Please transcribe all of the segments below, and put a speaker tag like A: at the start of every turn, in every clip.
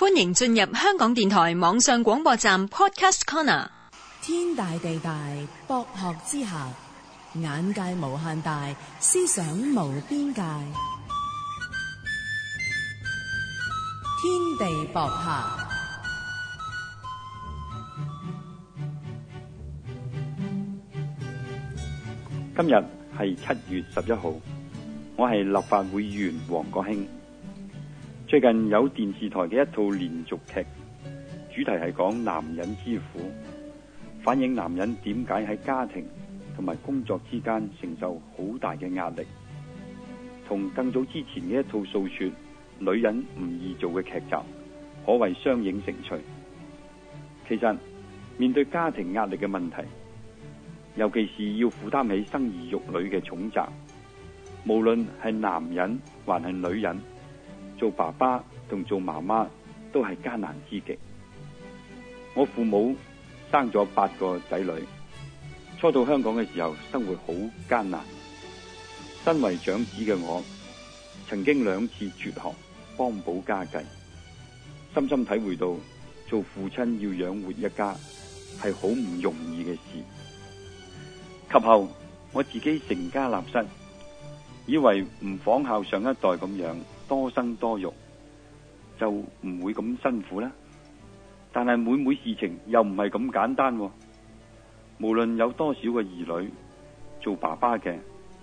A: 歡迎進入香港電台網上廣播站 Podcast Corner。天大地大，博學之下，眼界無限大，思想無邊界。天地博客。今日係七月十一號，我係立法會議員王國興。最近有電視台嘅一套連續劇，主題係講男人之苦，反映男人點解喺家庭同埋工作之間承受好大嘅壓力，同更早之前嘅一套訴說女人唔易做嘅劇集，可謂相映成趣。其實面對家庭壓力嘅問題，尤其是要負擔起生兒育女嘅重責，無論係男人還係女人。做爸爸同做媽媽都係艱難之極。我父母生咗八個仔女，初到香港嘅時候，生活好艱難。身為長子嘅我，曾經兩次輟學幫補家計，深深體會到做父親要養活一家係好唔容易嘅事。及後我自己成家立室，以為唔仿效上一代咁樣。多生多育就唔會咁辛苦啦，但係每每事情又唔係咁簡單，啊，無論有多少個兒女，做爸爸嘅，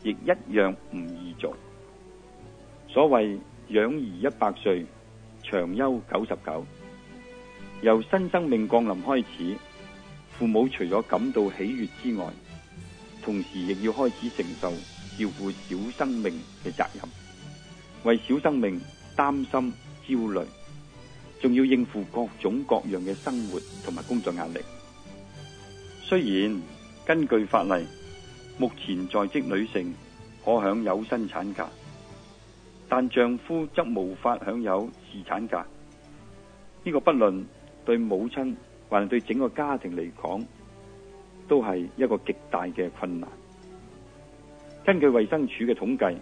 A: 亦一樣唔易做。所謂養兒一百歲，長憂九十九。由新生命降臨開始，父母除咗感到喜悦之外，同時亦要開始承受照顧小生命嘅責任。為小生命擔心焦慮，仲要應付各種各樣嘅生活同埋工作壓力。雖然根據法例，目前在職女性可享有生產假，但丈夫則無法享有侍產假。呢、這個不論對母親還是對整個家庭嚟講，都係一個極大嘅困難。根據衛生署嘅統計。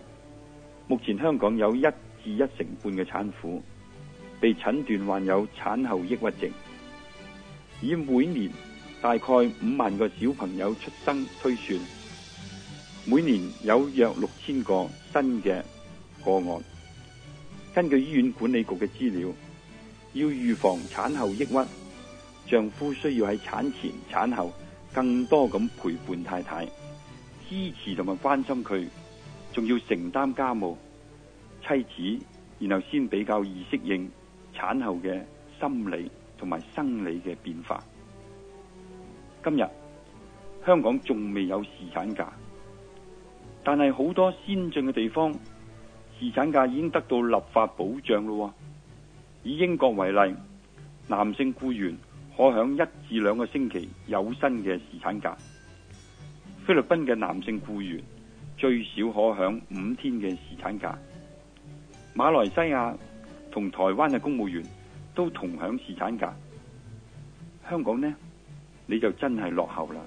A: 目前香港有一至一成半嘅產婦被診斷患有產後抑鬱症，以每年大概五萬個小朋友出生推算，每年有約六千個新嘅個案。根據醫院管理局嘅資料，要預防產後抑鬱，丈夫需要喺產前產後更多咁陪伴太太，支持同埋關心佢。仲要承擔家務，妻子然後先比較易適應產後嘅心理同埋生理嘅變化。今日香港仲未有侍產假，但係好多先進嘅地方，侍產假已經得到立法保障咯。以英國為例，男性僱員可享一至兩個星期有薪嘅侍產假。菲律賓嘅男性僱員。最少可享五天嘅侍產假，馬來西亞同台灣嘅公務員都同享侍產假，香港呢？你就真係落後啦。